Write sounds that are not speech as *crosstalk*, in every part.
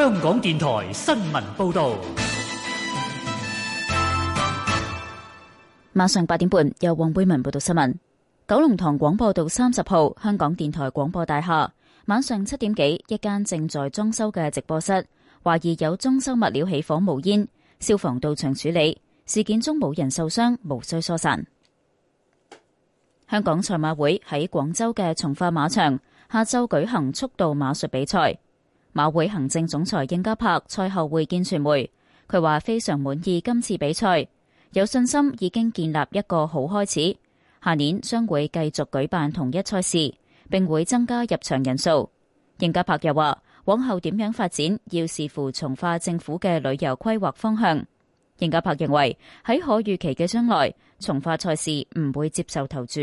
香港電台新聞報道：晚上八點半，由黃貝文報道新聞。九龍塘廣播道三十號，香港電台廣播大廈。晚上七點幾，一間正在裝修嘅直播室，懷疑有裝修物料起火冒煙，消防到場處理，事件中冇人受傷，無需疏散。香港賽馬會喺廣州嘅從化馬場，下周舉行速度馬術比賽。馬會行政總裁應家柏賽後會見傳媒，佢話非常滿意今次比賽，有信心已經建立一個好開始，下年將會繼續舉辦同一賽事，並會增加入場人數。應家柏又話，往後點樣發展要視乎從化政府嘅旅遊規劃方向。應家柏認為喺可預期嘅將來，從化賽事唔會接受投注。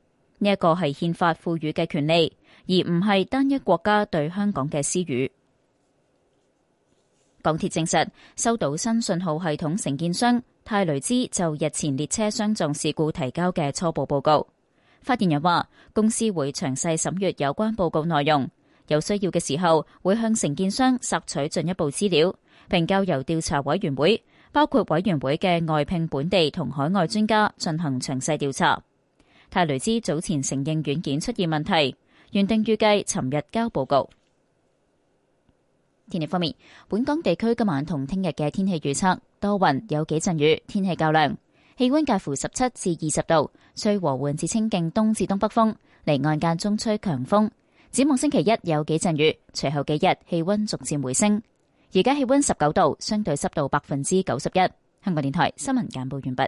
呢、這、一個係憲法賦予嘅權利，而唔係單一國家對香港嘅私語。港鐵證實收到新信號系統承建商泰雷茲就日前列車相撞事故提交嘅初步報告。發言人話，公司會詳細審閱有關報告內容，有需要嘅時候會向承建商索取進一步資料，並交由調查委員會，包括委員會嘅外聘本地同海外專家進行詳細調查。泰雷茲早前承認軟件出現問題，原定預計尋日交報告。天氣方面，本港地區今晚同聽日嘅天氣預測多雲，有幾陣雨，天氣較涼，氣溫介乎十七至二十度，吹和緩至清勁東至東北風，離岸間中吹強風。展望星期一有幾陣雨，隨後幾日氣溫逐漸回升。而家氣溫十九度，相對濕度百分之九十一。香港電台新聞簡報完畢。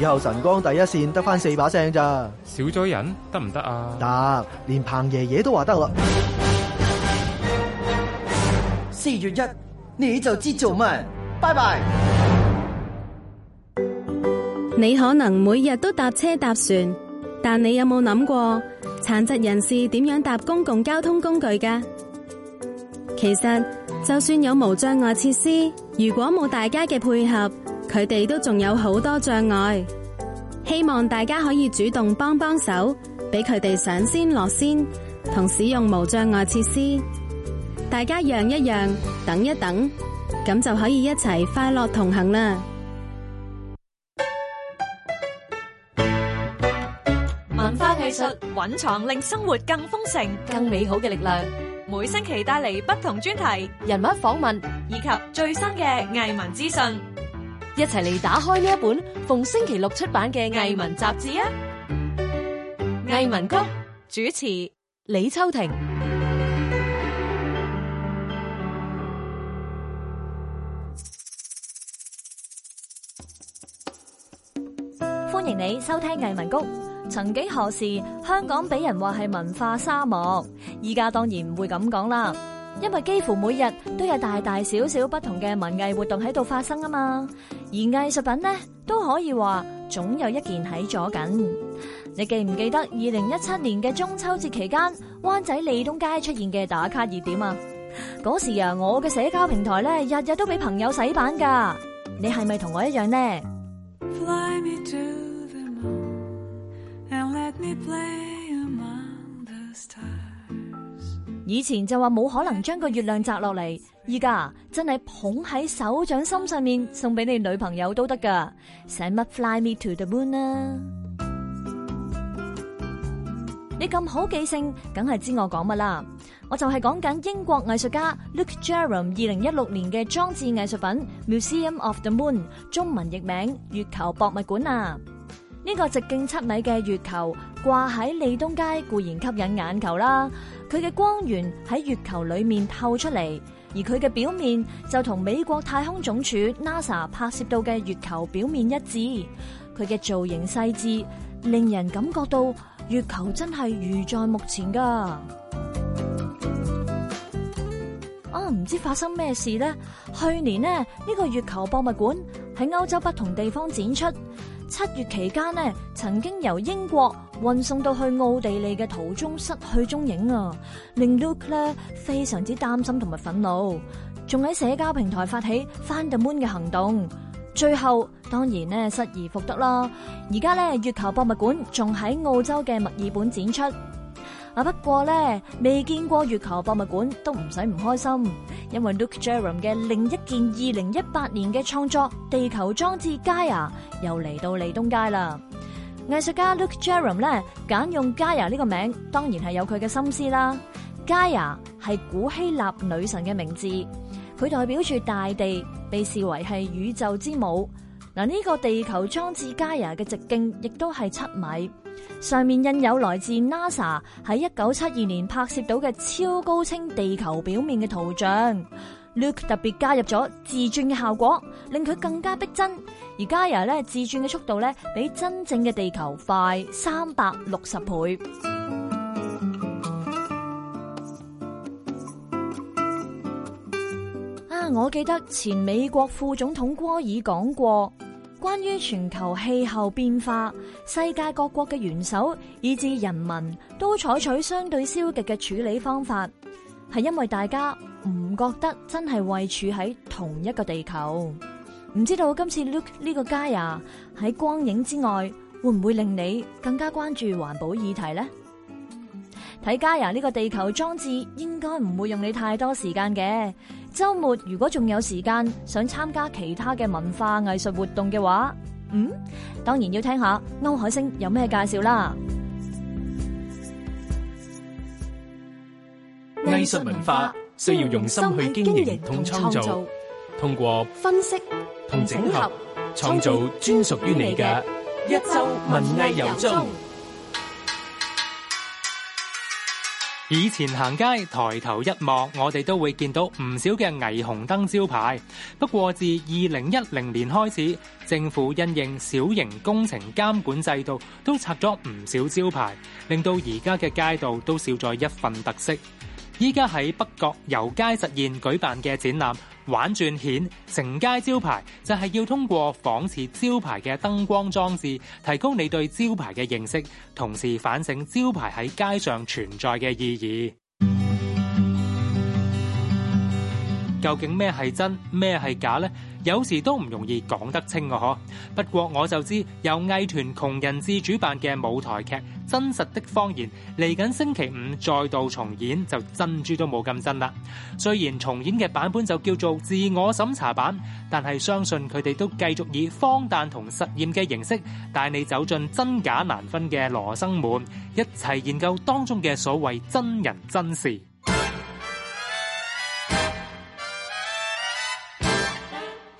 以後晨光第一綫得返四把聲咋？少咗人得唔得啊？得，連彭爺爺都話得啦。四月一你就知做咩。拜拜。你可能每日都搭車搭船，但你有冇諗過殘疾人士點樣搭公共交通工具噶？其實就算有無障礙設施，如果冇大家嘅配合，佢哋都仲有好多障礙，希望大家可以主動幫幫手，俾佢哋上先落先，同使用無障礙設施。大家讓一讓，等一等，咁就可以一齊快樂同行啦。文化藝術蘊藏令生活更豐盛、更美好嘅力量。每星期帶嚟不同專題、人物訪問以及最新嘅藝文資訊。一齊嚟打開呢一本逢星期六出版嘅藝文雜誌啊！藝文谷主持李秋婷，歡迎你收聽藝文谷。曾經何時，香港俾人話係文化沙漠？依家當然唔會咁講啦，因為幾乎每日都有大大小小不同嘅文藝活動喺度發生啊嘛。而藝術品呢，都可以話，總有一件喺左近。你記唔記得二零一七年嘅中秋節期間，灣仔利東街出現嘅打卡熱點啊？嗰時啊，我嘅社交平台咧日日都俾朋友洗版噶。你係咪同我一樣呢？Fly me to the moon and let me play among the stars。以前就話冇可能將個月亮摘落嚟。依家真係捧喺手掌心上面送俾你女朋友都得噶寫乜 Fly me to the moon 啊？ *noise* 你咁好記性，梗係知我講乜啦？我就係講緊英國藝術家 Luke Jerram 二零一六年嘅裝置藝術品 Museum of the Moon，中文譯名月球博物館啊。呢個直徑七米嘅月球掛喺利東街固然吸引眼球啦，佢嘅光源喺月球裏面透出嚟。而佢嘅表面就同美國太空總署 NASA 拍攝到嘅月球表面一致，佢嘅造型細致，令人感覺到月球真係如在目前噶、啊。啊，唔知發生咩事呢？去年呢，呢、呢個月球博物館喺歐洲不同地方展出。七月期間呢，曾經由英國運送到去奧地利嘅途中失去蹤影啊，令 Luke 呢非常之擔心同埋憤怒，仲喺社交平台發起 Find the Moon 嘅行動。最後當然呢失而復得啦，而家呢月球博物館仲喺澳洲嘅墨爾本展出。啊！不過咧，未見過月球博物館都唔使唔開心，因為 Luke Jerome 嘅另一件二零一八年嘅創作《地球裝置》Gaia 又嚟到利東街啦。藝術家 Luke Jerome 咧，揀用 Gaia 呢個名，當然係有佢嘅心思啦。Gaia 係古希臘女神嘅名字，佢代表住大地，被視為係宇宙之母。嗱，呢個地球裝置 Gaia 嘅直徑亦都係七米，上面印有來自 NASA 喺一九七二年拍攝到嘅超高清地球表面嘅圖像。Luke 特別加入咗自轉嘅效果，令佢更加逼真。而 Gaia 咧自轉嘅速度咧，比真正嘅地球快三百六十倍。啊，我記得前美國副總統戈爾講過。關於全球氣候變化，世界各國嘅元首以至人民都採取相對消極嘅處理方法，係因為大家唔覺得真係位處喺同一個地球。唔知道今次 Luke 呢個 Gaia 喺光影之外，會唔會令你更加關注環保議題呢？睇 Gaia 呢個地球裝置，應該唔會用你太多時間嘅。周末如果仲有時間，想參加其他嘅文化藝術活動嘅話，嗯，當然要聽下歐海星有咩介紹啦。藝術文化需要用心去經營同創造，通過分析同整合，創造專屬於你嘅一周文藝遊蹤。以前行街抬頭一望，我哋都會見到唔少嘅霓虹燈招牌。不過自二零一零年開始，政府因應小型工程監管制度，都拆咗唔少招牌，令到而家嘅街道都少咗一份特色。依家喺北角油街實驗舉辦嘅展覽《玩轉顯成街招牌》，就係、是、要通過仿似招牌嘅燈光裝置，提高你對招牌嘅認識，同時反省招牌喺街上存在嘅意義。究竟咩係真，咩係假呢？有時都唔容易講得清嘅嗬。不過我就知由藝團窮人志主辦嘅舞台劇《真實的謊言》嚟緊星期五再度重演，就珍珠都冇咁真啦。雖然重演嘅版本就叫做自我審查版，但係相信佢哋都繼續以荒誕同實驗嘅形式，帶你走進真假難分嘅羅生門，一齊研究當中嘅所謂真人真事。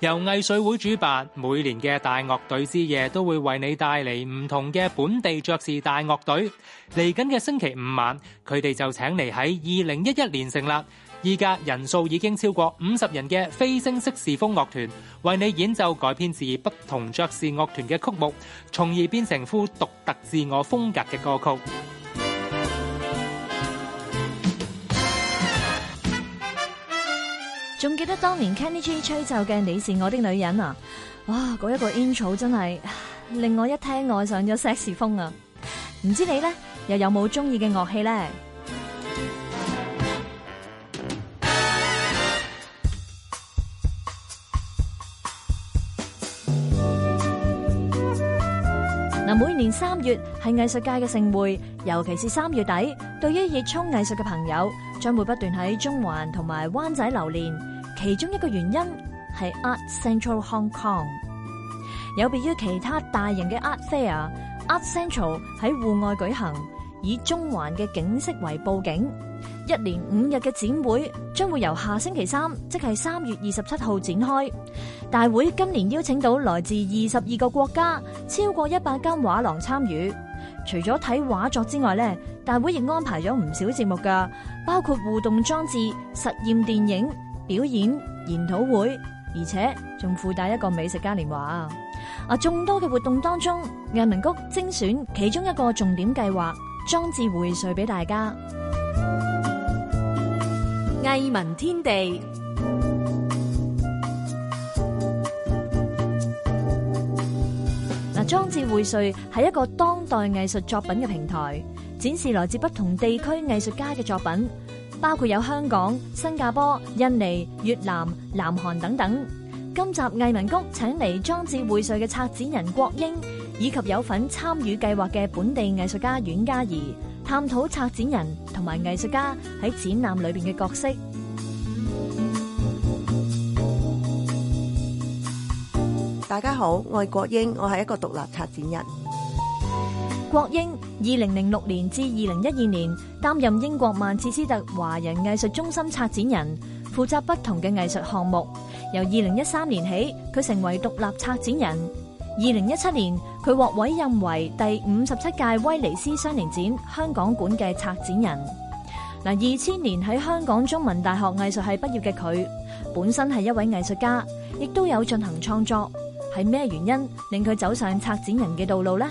由藝水會主辦，每年嘅大樂隊之夜都會為你帶嚟唔同嘅本地爵士大樂隊。嚟緊嘅星期五晚，佢哋就請嚟喺二零一一年成立，依家人數已經超過五十人嘅飛升色士風樂團，為你演奏改編自不同爵士樂團嘅曲目，從而變成副獨特自我風格嘅歌曲。仲記得當年 Kenny G 吹奏嘅《你是我的女人》啊，哇！嗰、那、一個煙草真係令我一聽愛上咗 saxophone 啊！唔知你咧又有冇中意嘅樂器咧？今年三月係藝術界嘅盛會，尤其是三月底，對於熱衷藝術嘅朋友，將會不斷喺中環同埋灣仔流連。其中一個原因係 Art Central Hong Kong，有別於其他大型嘅 Art Fair，Art Central 喺戶外舉行，以中環嘅景色為佈景。一年五日嘅展會將會由下星期三，即係三月二十七號展開。大會今年邀請到來自二十二個國家，超過一百間畫廊參與。除咗睇畫作之外咧，大會亦安排咗唔少節目噶，包括互動裝置、實驗電影、表演、研討會，而且仲附帶一個美食嘉年華啊！眾多嘅活動當中，藝文谷精選其中一個重點計劃裝置匯萃俾大家。藝文天地，嗱，裝置滙萃係一個當代藝術作品嘅平台，展示來自不同地區藝術家嘅作品，包括有香港、新加坡、印尼、越南、南韓等等。今集藝文谷請嚟裝置滙萃嘅策展人郭瑛，以及有份參與計劃嘅本地藝術家阮家儀。探討策展人同埋藝術家喺展覽裏邊嘅角色。大家好，我係郭瑛，我係一個獨立策展人。郭瑛，二零零六年至二零一二年擔任英國曼徹斯特華人藝術中心策展人，負責不同嘅藝術項目。由二零一三年起，佢成為獨立策展人。二零一七年，佢獲委任為第五十七屆威尼斯雙年展香港館嘅策展人。嗱，二千年喺香港中文大學藝術系畢業嘅佢，本身係一位藝術家，亦都有進行創作。係咩原因令佢走上策展人嘅道路呢？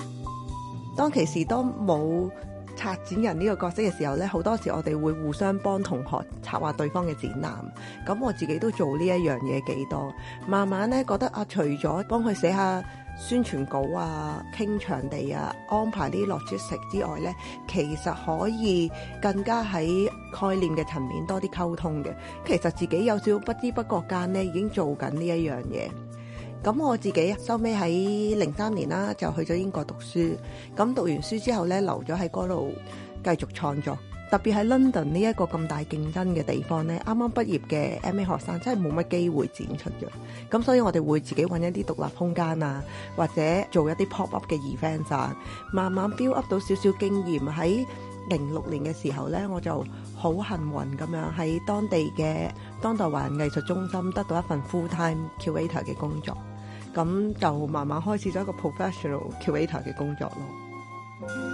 當其時都冇策展人呢個角色嘅時候咧，好多時我哋會互相幫同學策劃對方嘅展覽。咁我自己都做呢一樣嘢幾多，慢慢咧覺得啊，除咗幫佢寫下宣傳稿啊，傾場地啊，安排啲 logistic 之外呢，其實可以更加喺概念嘅層面多啲溝通嘅。其實自己有少少不知不覺間呢已經做緊呢一樣嘢。咁我自己收尾喺零三年啦，就去咗英國讀書。咁讀完書之後呢，留咗喺嗰度繼續創作。特別喺 London 呢一個咁大競爭嘅地方呢，啱啱畢業嘅 MA 學生真係冇乜機會展出嘅。咁所以我哋會自己揾一啲獨立空間啊，或者做一啲 pop up 嘅 event 慢慢 build up 到少少經驗。喺零六年嘅時候呢，我就好幸運咁樣喺當地嘅當代華人藝術中心得到一份 full time curator 嘅工作，咁就慢慢開始咗一個 professional curator 嘅工作咯。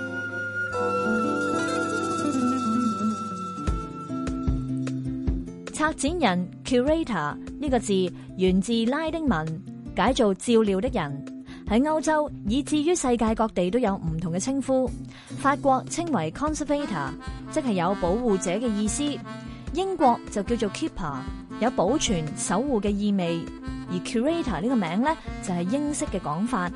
策展人 curator 呢個字源自拉丁文，解做照料的人，喺歐洲以至於世界各地都有唔同嘅稱呼。法國稱為 conservator，即係有保護者嘅意思；英國就叫做 keeper，有保存守護嘅意味。而 curator 呢個名咧就係英式嘅講法。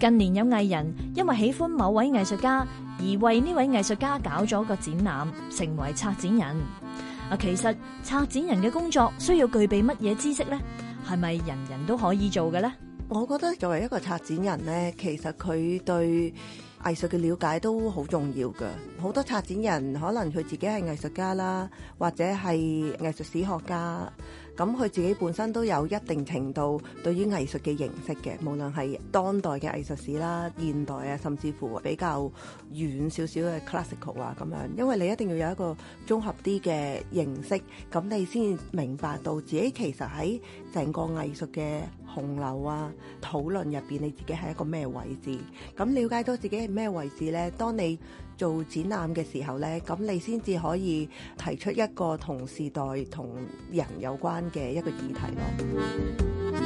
近年有藝人因為喜歡某位藝術家而為呢位藝術家搞咗個展覽，成為策展人。啊，其實策展人嘅工作需要具備乜嘢知識呢？係咪人人都可以做嘅呢？我覺得作為一個策展人咧，其實佢對藝術嘅了解都好重要㗎。好多策展人可能佢自己係藝術家啦，或者係藝術史學家。咁佢自己本身都有一定程度對於藝術嘅認識嘅，無論係當代嘅藝術史啦、現代啊，甚至乎比較遠少少嘅 classical 啊咁樣，因為你一定要有一個綜合啲嘅認識，咁你先明白到自己其實喺整個藝術嘅紅樓啊，討論入邊你自己係一個咩位置？咁了解到自己係咩位置呢？當你做展覽嘅時候呢，咁你先至可以提出一個同時代、同人有關嘅一個議題咯。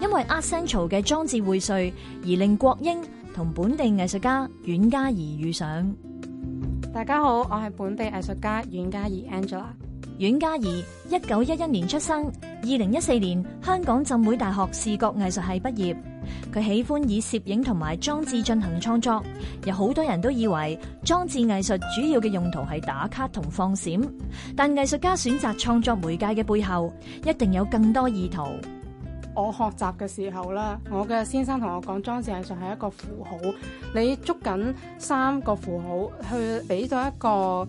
因為 Art Central 嘅裝置滙萃，而令郭瑛同本地藝術家阮家儀遇上。大家好，我係本地藝術家阮家儀 Angela。阮家儀一九一一年出生，二零一四年香港浸會大學視覺藝術系畢業。佢喜歡以攝影同埋裝置進行創作。有好多人都以為裝置藝術主要嘅用途係打卡同放閃，但藝術家選擇創作媒介嘅背後，一定有更多意圖。我學習嘅時候啦，我嘅先生同我講，裝置藝術係一個符號，你捉緊三個符號去俾到一個。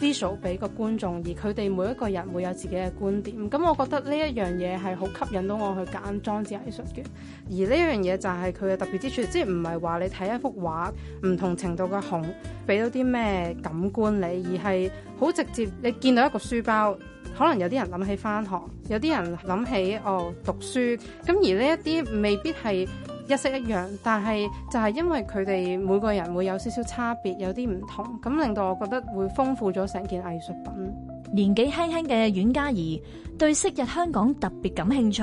visual 俾個觀眾，而佢哋每一個人會有自己嘅觀點。咁我覺得呢一樣嘢係好吸引到我去揀裝置藝術嘅。而呢一樣嘢就係佢嘅特別之處，即係唔係話你睇一幅畫，唔同程度嘅紅俾到啲咩感官你，而係好直接你見到一個書包，可能有啲人諗起返學，有啲人諗起哦讀書。咁而呢一啲未必係。一式一樣，但係就係因為佢哋每個人會有少少差別，有啲唔同，咁令到我覺得會豐富咗成件藝術品。年紀輕輕嘅阮家儀對昔日香港特別感興趣。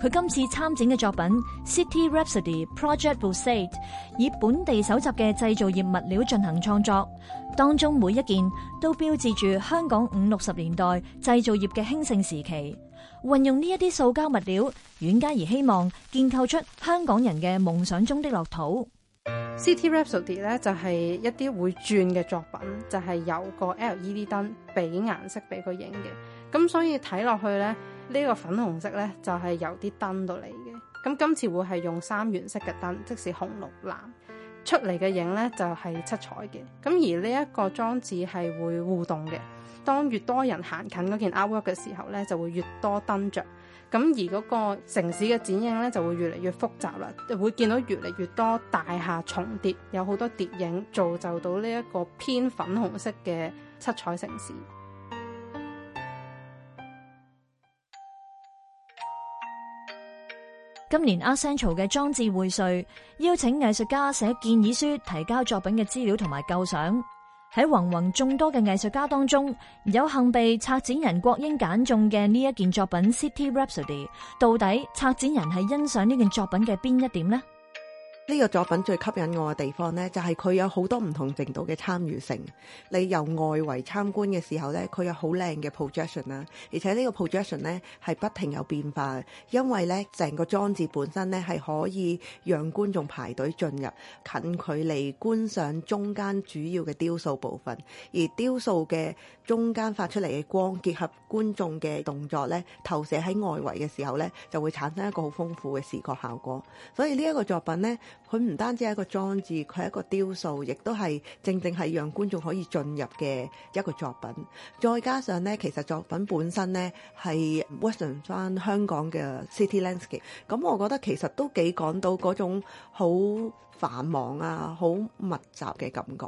佢今次參展嘅作品《City Rhapsody Project》，Booth State 以本地搜集嘅製造業物料進行創作，當中每一件都標誌住香港五六十年代製造業嘅興盛時期。運用呢一啲塑膠物料，阮家儀希望建構出香港人嘅夢想中的樂土。City Rhapsody 咧就係一啲會轉嘅作品，就係、是、有個 LED 燈俾顏色俾佢影嘅，咁所以睇落去咧呢、這個粉紅色咧就係由啲燈到嚟嘅，咁今次會係用三原色嘅燈，即係紅、綠、藍。出嚟嘅影呢就係七彩嘅，咁而呢一個裝置係會互動嘅，當越多人行近嗰件 artwork 嘅時候呢，就會越多燈着，咁而嗰個城市嘅剪影呢，就會越嚟越複雜啦，會見到越嚟越多大廈重疊，有好多疊影造就到呢一個偏粉紅色嘅七彩城市。今年 Art Central 嘅裝置匯萃邀請藝術家寫建議書，提交作品嘅資料同埋舊相。喺宏宏眾多嘅藝術家當中，有幸被策展人郭瑛揀中嘅呢一件作品《City Rhapsody》。到底策展人係欣賞呢件作品嘅邊一點咧？呢個作品最吸引我嘅地方呢，就係佢有好多唔同程度嘅參與性。你由外圍參觀嘅時候呢，佢有好靚嘅 projection 啦，而且呢個 projection 呢係不停有變化嘅，因為呢，成個裝置本身呢，係可以讓觀眾排隊進入近距離觀賞中間主要嘅雕塑部分，而雕塑嘅中間發出嚟嘅光結合觀眾嘅動作呢，投射喺外圍嘅時候呢，就會產生一個好豐富嘅視覺效果。所以呢一個作品呢。佢唔單止係一個裝置，佢係一個雕塑，亦都係正正係讓觀眾可以進入嘅一個作品。再加上咧，其實作品本身咧係 western 翻香港嘅 city landscape，咁我覺得其實都幾講到嗰種好繁忙啊、好密集嘅感覺。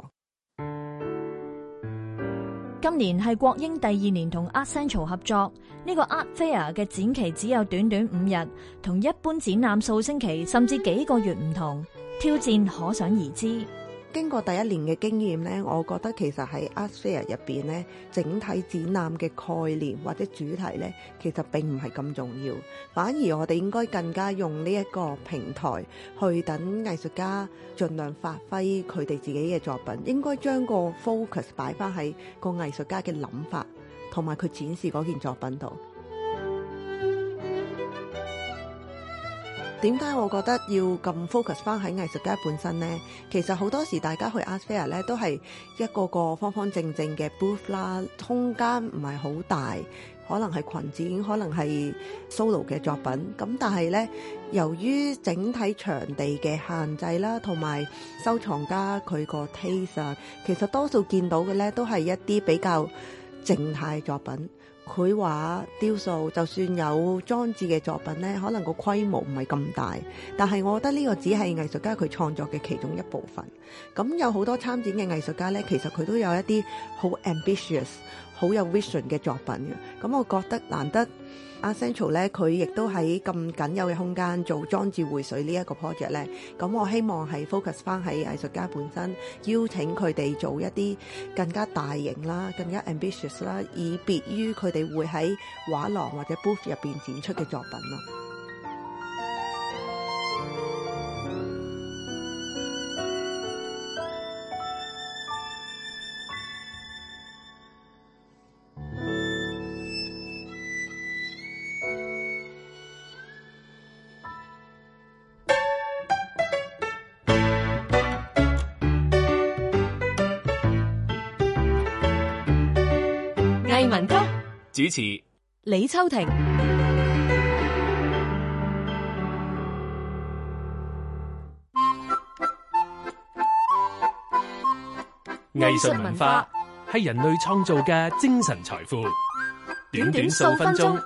今年係郭瑛第二年同 Art Central 合作，呢個 Art Fair 嘅展期只有短短五日，同一般展覽數星期甚至幾個月唔同，挑戰可想而知。經過第一年嘅經驗咧，我覺得其實喺 Art Fair 入邊咧，整體展覽嘅概念或者主題咧，其實並唔係咁重要，反而我哋應該更加用呢一個平台去等藝術家盡量發揮佢哋自己嘅作品，應該將個 focus 擺翻喺個藝術家嘅諗法同埋佢展示嗰件作品度。點解我覺得要咁 focus 翻喺藝術家本身呢？其實好多時大家去 Art Fair 咧，都係一個個方方正正嘅 booth 啦，空間唔係好大，可能係群展，可能係 solo 嘅作品。咁但係呢，由於整體場地嘅限制啦，同埋收藏家佢個 taste 啊，其實多數見到嘅呢，都係一啲比較靜態作品。佢話雕塑，就算有裝置嘅作品咧，可能個規模唔係咁大，但係我覺得呢個只係藝術家佢創作嘅其中一部分。咁有好多參展嘅藝術家咧，其實佢都有一啲好 ambitious、好有 vision 嘅作品嘅。咁，我覺得難得。阿 Art Central 咧，佢亦都喺咁緊有嘅空間做裝置匯萃呢一個 project 咧，咁我希望係 focus 翻喺藝術家本身，邀請佢哋做一啲更加大型啦、更加 ambitious 啦，以別於佢哋會喺畫廊或者 booth 入邊展出嘅作品咯。主持李秋婷。藝術文化係人類創造嘅精神財富。短短數分鐘，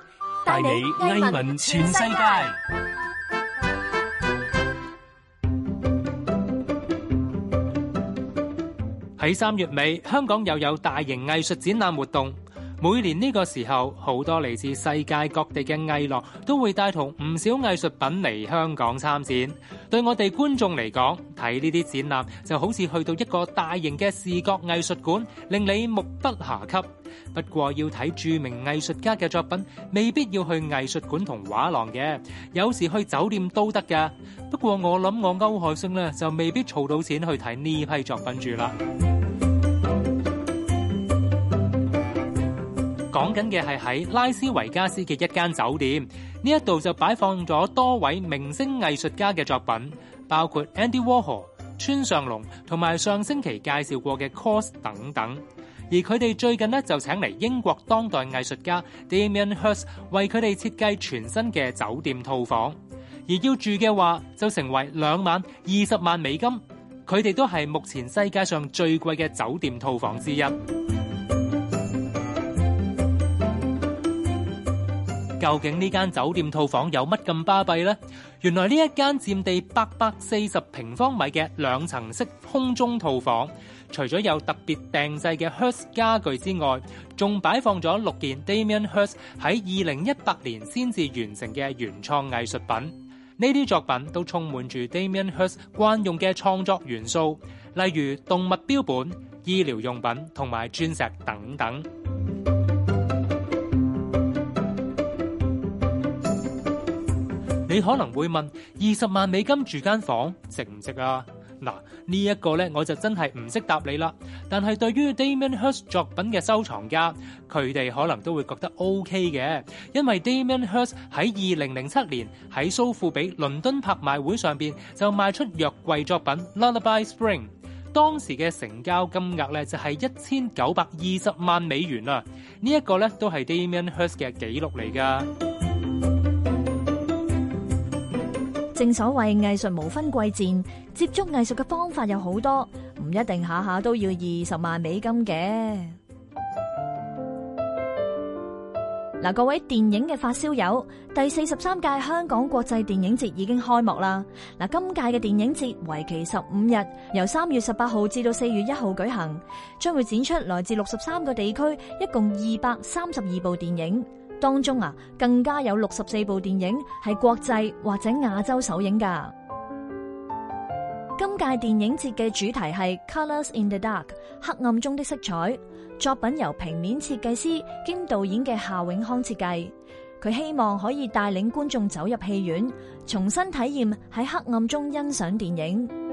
帶你藝文全世界。喺三月尾，香港又有大型藝術展覽活動。每年呢個時候，好多嚟自世界各地嘅藝廊都會帶同唔少藝術品嚟香港參展。對我哋觀眾嚟講，睇呢啲展覽就好似去到一個大型嘅視覺藝術館，令你目不暇給。不過要睇著名藝術家嘅作品，未必要去藝術館同畫廊嘅，有時去酒店都得㗎。不過我諗我歐海星咧，就未必儲到錢去睇呢批作品住啦。講緊嘅係喺拉斯維加斯嘅一間酒店，呢一度就擺放咗多位明星藝術家嘅作品，包括 Andy Warhol、村上隆同埋上星期介紹過嘅 Kaws 等等。而佢哋最近呢，就請嚟英國當代藝術家 Damien Hirst 為佢哋設計全新嘅酒店套房。而要住嘅話，就成為兩萬二十萬美金。佢哋都係目前世界上最貴嘅酒店套房之一。究竟呢間酒店套房有乜咁巴閉呢？原來呢一間佔地八百四十平方米嘅兩層式空中套房，除咗有特別訂製嘅 Hirst 傢具之外，仲擺放咗六件 Damien Hirst 喺二零一八年先至完成嘅原創藝術品。呢啲作品都充滿住 Damien Hirst 慣用嘅創作元素，例如動物標本、醫療用品同埋鑽石等等。你可能會問，二十萬美金住間房值唔值啊？嗱，呢一個呢，我就真係唔識答你啦。但係對於 Damien Hirst 作品嘅收藏家，佢哋可能都會覺得 O K 嘅，因為 Damien Hirst 喺二零零七年喺蘇富比倫敦拍賣會上面就賣出藥櫃作品 Lullaby Spring，當時嘅成交金額呢，就係一千九百二十萬美元啊！呢、這、一個呢，都係 Damien Hirst 嘅紀錄嚟噶。正所謂藝術無分貴賤，接觸藝術嘅方法有好多，唔一定下下都要二十萬美金嘅。嗱， *music* 各位電影嘅發燒友，第四十三屆香港國際電影節已經開幕啦。嗱，今屆嘅電影節為期十五日，由三月十八號至到四月一號舉行，將會展出來自六十三個地區，一共二百三十二部電影。當中啊，更加有六十四部電影係國際或者亞洲首映噶。今屆電影節嘅主題係 Colors in the Dark，黑暗中的色彩。作品由平面設計師兼導演嘅夏永康設計，佢希望可以帶領觀眾走入戲院，重新體驗喺黑暗中欣賞電影。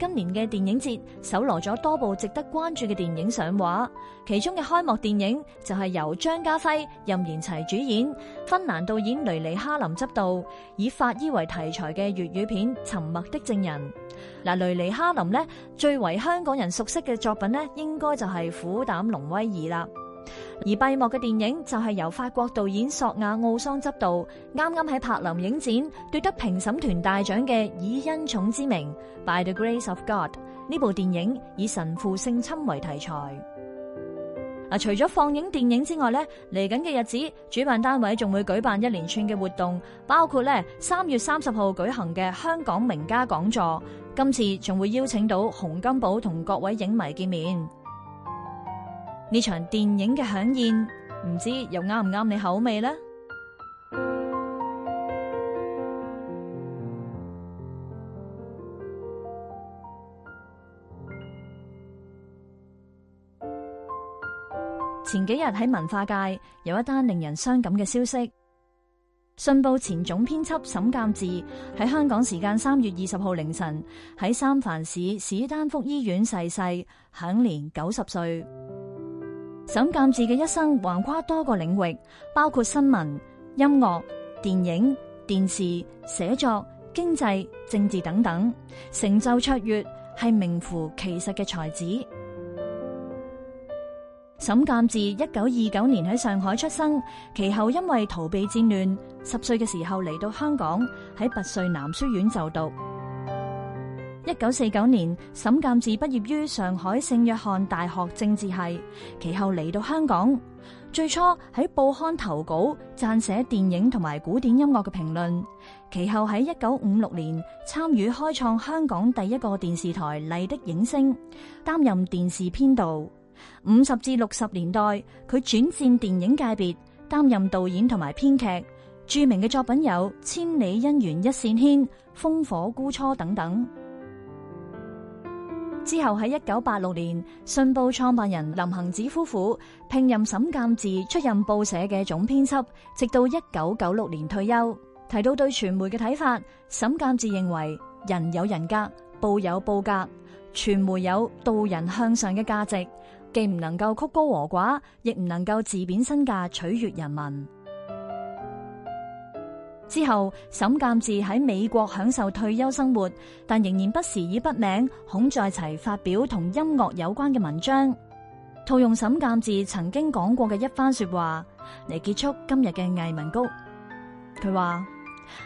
今年嘅電影節，搜羅咗多部值得關注嘅電影上畫，其中嘅開幕電影就係、是、由張家輝、任賢齊主演，芬蘭導演雷尼哈林執導，以法醫為題材嘅粵語片《沉默的證人》。嗱，雷尼哈林呢，最為香港人熟悉嘅作品呢，應該就係、是《虎膽龍威二》啦。而閉幕嘅電影就係由法國導演索亞奧桑執導，啱啱喺柏林影展奪得評審團大獎嘅《以恩寵之名》（By the Grace of God）。呢部電影以神父性侵為題材。嗱，除咗放映電影之外呢，嚟緊嘅日子，主辦單位仲會舉辦一連串嘅活動，包括咧三月三十號舉行嘅香港名家講座。今次仲會邀請到洪金寶同各位影迷見面。呢場電影嘅饗宴，唔知又啱唔啱你口味呢？前幾日喺文化界有一單令人傷感嘅消息，信報前總編輯沈鑑治喺香港時間三月二十號凌晨喺三藩市史丹福醫院逝世，享年九十歲。沈鑒治嘅一生橫跨多個領域，包括新聞、音樂、電影、電視、寫作、經濟、政治等等，成就卓越，係名副其實嘅才子。沈鑒治一九二九年喺上海出生，其後因為逃避戰亂，十歲嘅時候嚟到香港，喺拔萃南書院就讀。一九四九年，沈鑒治畢業於上海聖約翰大學政治系，其後嚟到香港。最初喺報刊投稿，撰寫電影同埋古典音樂嘅評論。其後喺一九五六年參與開創香港第一個電視台麗的映聲，擔任電視編導。五十至六十年代，佢轉戰電影界別，擔任導演同埋編劇。著名嘅作品有《千里姻緣一線牽》、《烽火孤雛》等等。之後喺一九八六年，《信報》創辦人林行止夫婦聘任沈鑒治出任報社嘅總編輯，直到一九九六年退休。提到對傳媒嘅睇法，沈鑒治認為人有人格，報有報格，傳媒有導人向上嘅價值，既唔能夠曲高和寡，亦唔能夠自貶身價取悦人民。之後，沈鑒治喺美國享受退休生活，但仍然不時以筆名孔在齊發表同音樂有關嘅文章。套用沈鑒治曾經講過嘅一番說話嚟結束今日嘅藝文谷。佢話：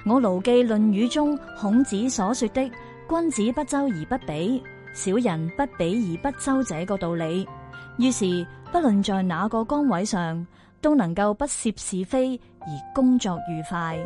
我牢記《論語》中孔子所說的“君子不周而不比，小人不比而不周”這個道理，於是不論在哪個崗位上，都能夠不涉是非而工作愉快。